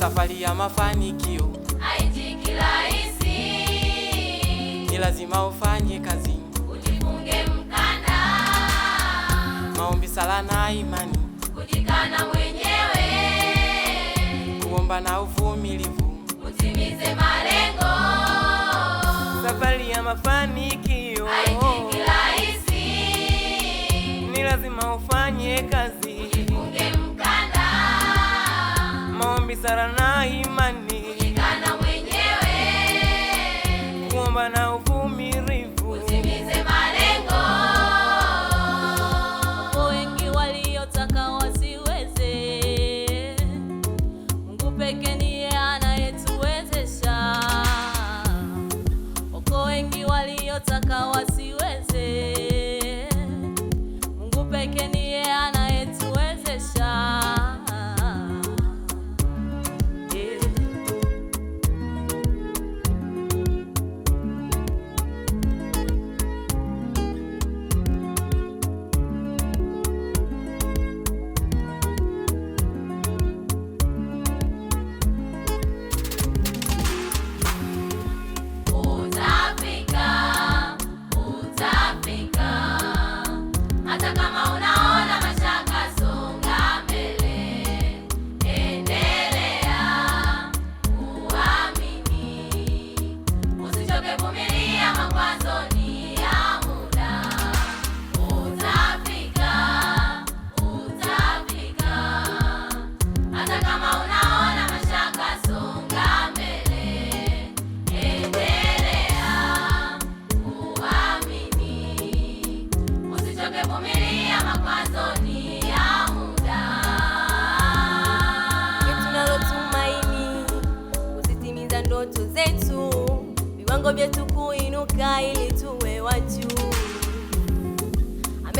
Safari ya mafanikio haiji kirahisi, ni lazima ufanye kazi, ujifunge mkanda, maombi, sala na imani, kujikana mwenyewe, kuomba na uvumilivu, utimize malengo. Safari ya mafanikio haiji kirahisi, ni lazima ufanye kazi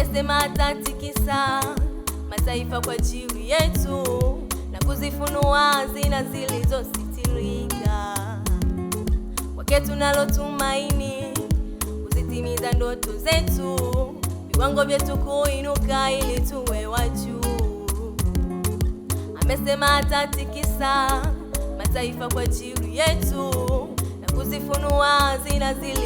amesema atatikisa mataifa kwa ajili yetu na kuzifunua zina zilizositirika. Kwake tunalo kuzitimiza ndoto zetu, viwango vyetu kuinuka ili tuwe wa juu. Amesema atatikisa mataifa kwa ajili yetu na kuzifunua zina zile